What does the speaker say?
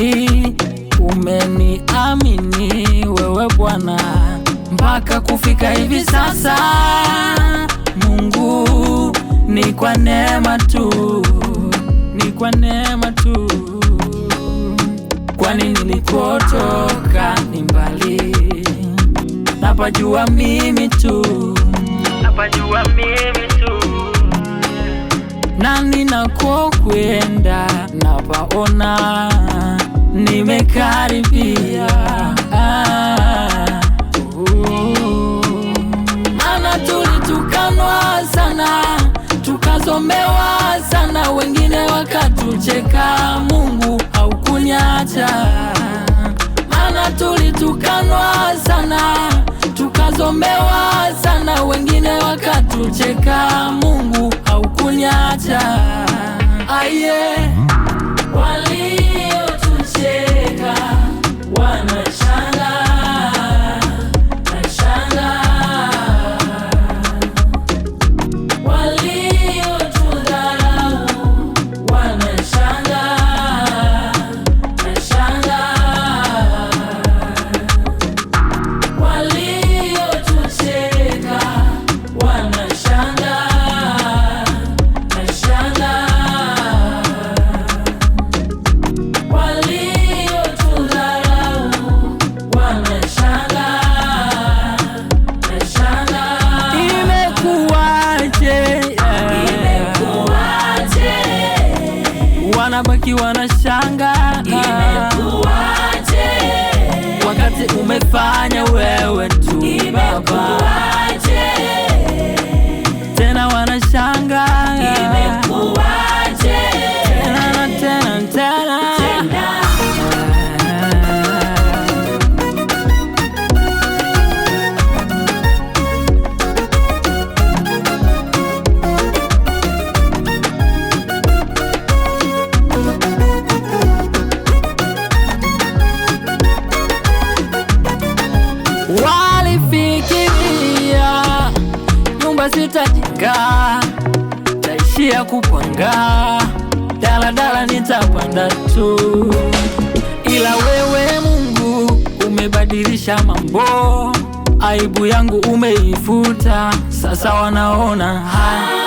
kweli umeniamini wewe Bwana mpaka kufika hivi sasa. Mungu ni kwa neema tu, ni kwa neema tu, kwani nilipotoka ni mbali, napajua mimi tu, napajua mimi tu, na ninakokwenda napaona imekaribia, maana tulitukanwa sana, tukazomewa sana, wengine wakatucheka, Mungu haukunyacha. Maana tulitukanwa sana, tukazomewa sana, wengine wakatucheka, Mungu haukunyacha. Aye. wakiwa na shanga, wakati umefanya wewe tu Baba. sitajenga, taishia kupanga, daladala nitapanda tu, ila wewe Mungu umebadilisha mambo, aibu yangu umeifuta, sasa wanaona haa.